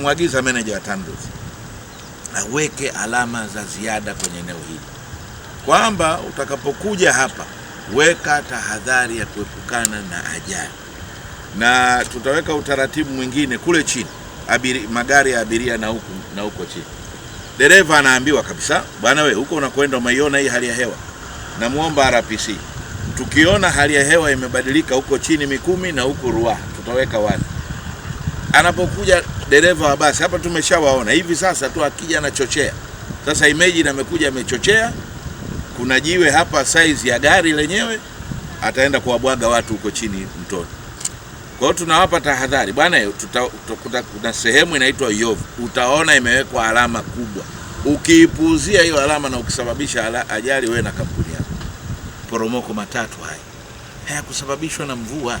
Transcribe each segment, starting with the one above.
kumwagiza meneja wa TANROADS aweke alama za ziada kwenye eneo hili, kwamba utakapokuja hapa weka tahadhari ya kuepukana na ajali, na tutaweka utaratibu mwingine kule chini abiri, magari ya abiria na huku na huko chini. Dereva anaambiwa kabisa, bwana we, huko unakwenda umeiona hii hali ya hewa. Namwomba RPC, tukiona hali ya hewa imebadilika huko chini Mikumi na huko Ruaha tutaweka wazi anapokuja dereva wa basi hapa, tumeshawaona hivi sasa tu, akija anachochea. Sasa imagine amekuja amechochea, kuna jiwe hapa size ya gari lenyewe, ataenda kuwabwaga watu huko chini mtoni. Kwa hiyo tunawapa tahadhari bwana, kuna sehemu inaitwa Yovu, utaona imewekwa alama kubwa. Ukiipuuzia hiyo alama na ukisababisha ajali, wewe na kampuni yako. Poromoko matatu haya hayakusababishwa na mvua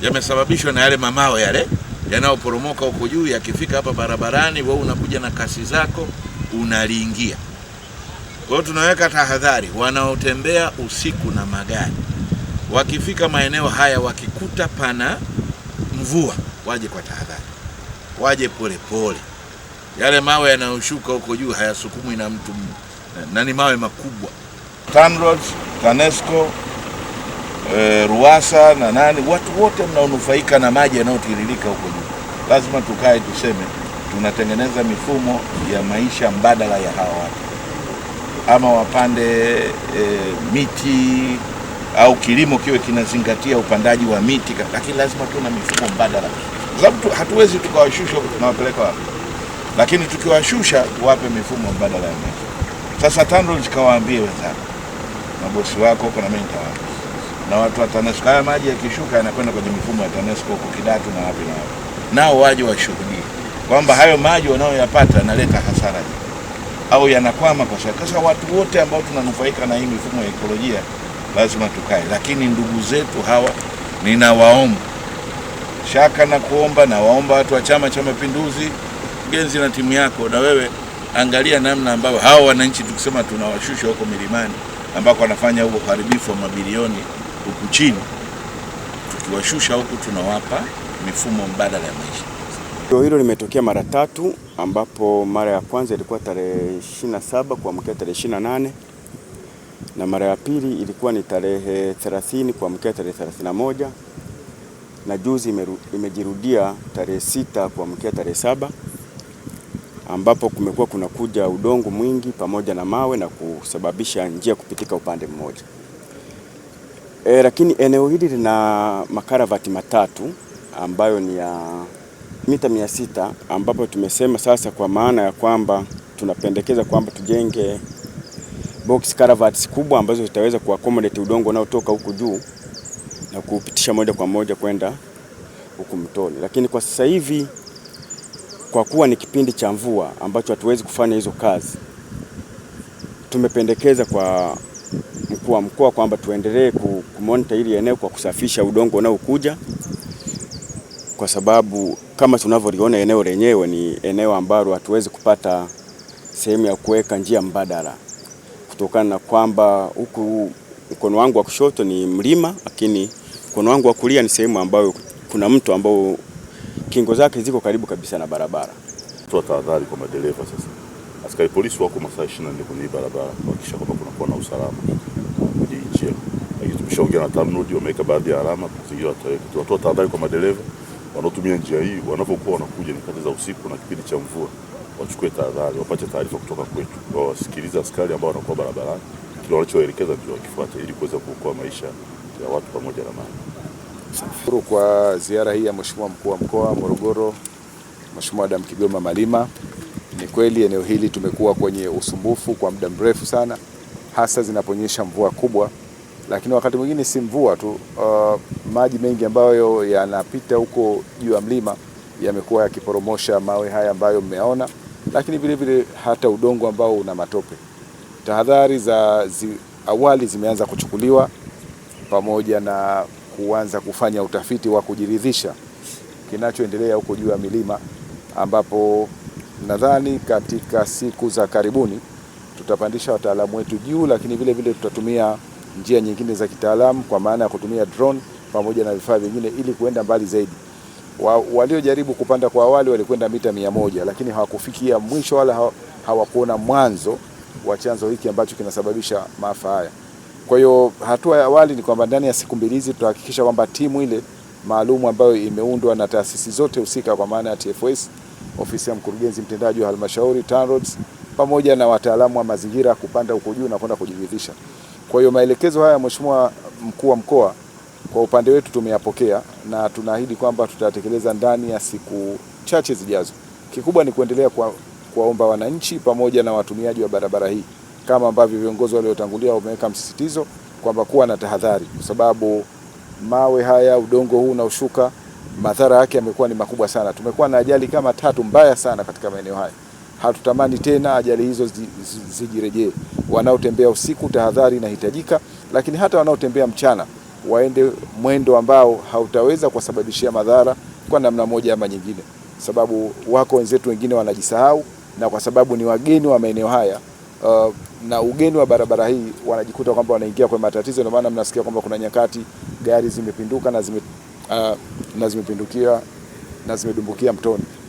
yamesababishwa na yale mamao yale yanayoporomoka huko juu, yakifika hapa barabarani, wewe unakuja na kasi zako unaliingia. Kwa hiyo tunaweka tahadhari, wanaotembea usiku na magari wakifika maeneo haya, wakikuta pana mvua, waje kwa tahadhari, waje polepole pole. Yale mawe yanayoshuka huko juu hayasukumwi na mtu na ni mawe makubwa. TANROADS, TANESCO e, eh, Ruasa na nani, watu wote mnaonufaika na maji yanayotiririka huko juu, lazima tukae tuseme tunatengeneza mifumo ya maisha mbadala ya hawa watu, ama wapande e, miti au kilimo kiwe kinazingatia upandaji wa miti, lakini lazima tuwe na mifumo mbadala, kwa sababu hatuwezi tukawashusha tunawapeleka wapi, lakini tukiwashusha tuwape mifumo mbadala ya maisha. Sasa TANROADS zikawaambie wenzako, mabosi wako, kuna mimi nitawapa na watu wa TANESCO. Haya maji yakishuka yanakwenda kwenye mifumo ya TANESCO huko Kidatu na wapi na wapi, nao waje washuhudie kwamba hayo maji wanayoyapata yanaleta hasara je au yanakwama kwa sababu sasa watu wote ambao tunanufaika na hii mifumo ya ekolojia lazima tukae, lakini ndugu zetu hawa ninawaomba shaka na kuomba, nawaomba watu wa Chama cha Mapinduzi, Mkurugenzi na timu yako, na wewe angalia namna ambayo hawa wananchi tukisema tunawashusha huko milimani ambako wanafanya huo uharibifu wa mabilioni huku chini, tukiwashusha huku tunawapa mifumo mbadala ya maisha. Tukio hilo limetokea mara tatu, ambapo mara ya kwanza ilikuwa tarehe 27 kuamkia tarehe 28 na mara ya pili ilikuwa ni tarehe 30 kuamkia tarehe 31 na juzi imejirudia tarehe sita kuamkia tarehe saba ambapo kumekuwa kuja udongo mwingi pamoja na mawe na kusababisha njia kupitika upande mmoja. E, lakini eneo hili lina makaravati matatu ambayo ni ya mita mia sita ambapo tumesema sasa, kwa maana ya kwamba tunapendekeza kwamba tujenge box caravats kubwa ambazo zitaweza accommodate udongo unaotoka huku juu na kupitisha moja kwa moja kwenda huku mtoni. Lakini kwa sasa hivi kwa kuwa ni kipindi cha mvua ambacho hatuwezi kufanya hizo kazi, tumependekeza kwa mkuu wa mkoa kwamba tuendelee kumonita hili eneo kwa kusafisha udongo unaokuja, kwa sababu kama tunavyoliona eneo lenyewe ni eneo ambalo hatuwezi kupata sehemu ya kuweka njia mbadala, kutokana na kwamba huku mkono wangu wa kushoto ni mlima, lakini mkono wangu wa kulia ni sehemu ambayo kuna mto ambao kingo zake ziko karibu kabisa na barabara. Tutoa tahadhari kwa madereva sasa askari polisi wako masaa 24 kwenye barabara kuhakikisha kwamba kunakuwa na usalama kwenye nchi yetu. Lakini tumeshaongea na TANROADS, wameweka baadhi ya alama kuzingira, tunatoa tahadhari kwa madereva wanaotumia njia hii, wanapokuwa wanakuja nyakati za usiku na kipindi cha mvua, wachukue tahadhari, wapate taarifa kutoka kwetu, kwa wasikilize askari ambao wanakuwa barabarani, kile wanachoelekeza ndio wakifuate, ili kuweza kuokoa maisha ya watu pamoja na mali. Shukuru kwa ziara hii ya Mheshimiwa Mkuu wa Mkoa Morogoro, Mheshimiwa Adam Kigoma Malima. Ni kweli eneo hili tumekuwa kwenye usumbufu kwa muda mrefu sana, hasa zinaponyesha mvua kubwa, lakini wakati mwingine si mvua tu. Uh, maji mengi ambayo yanapita huko juu ya mlima yamekuwa yakiporomosha mawe haya ambayo mmeona, lakini vile vile hata udongo ambao una matope. Tahadhari za zi, awali zimeanza kuchukuliwa pamoja na kuanza kufanya utafiti wa kujiridhisha kinachoendelea huko juu ya milima ambapo nadhani katika siku za karibuni tutapandisha wataalamu wetu juu, lakini vile vile tutatumia njia nyingine za kitaalamu kwa maana ya kutumia drone pamoja na vifaa vingine ili kuenda mbali zaidi. Wa, waliojaribu kupanda kwa awali walikwenda mita mia moja lakini hawakufikia mwisho wala hawakuona mwanzo wa chanzo hiki ambacho kinasababisha maafa haya. Kwa hiyo hatua ya awali ni kwamba ndani ya siku mbili hizi tutahakikisha kwamba timu ile maalumu ambayo imeundwa na taasisi zote husika kwa maana ya TFS ofisi ya mkurugenzi mtendaji wa halmashauri TANROADS pamoja na wataalamu wa mazingira kupanda huko juu na kwenda kujiridhisha. Kwa hiyo maelekezo haya, Mheshimiwa mkuu wa mkoa, kwa upande wetu tumeyapokea na tunaahidi kwamba tutatekeleza ndani ya siku chache zijazo. Kikubwa ni kuendelea kuwaomba wananchi pamoja na watumiaji wa barabara hii kama ambavyo viongozi waliotangulia wameweka msisitizo kwamba kuwa na tahadhari, kwa sababu mawe haya, udongo huu unaoshuka madhara yake yamekuwa ni makubwa sana. Tumekuwa na ajali kama tatu mbaya sana katika maeneo haya. Hatutamani tena ajali hizo zijirejee. wanaotembea usiku, tahadhari inahitajika, lakini hata wanaotembea mchana waende mwendo ambao hautaweza kuwasababishia madhara kwa namna moja ama nyingine, sababu wako wenzetu wengine wanajisahau, na kwa sababu ni wageni wa maeneo haya uh, na ugeni wa barabara hii wanajikuta kwamba wanaingia kwa matatizo. Ndio maana mnasikia kwamba kuna nyakati gari zimepinduka na zime uh, na zimepindukia na zimedumbukia mtoni.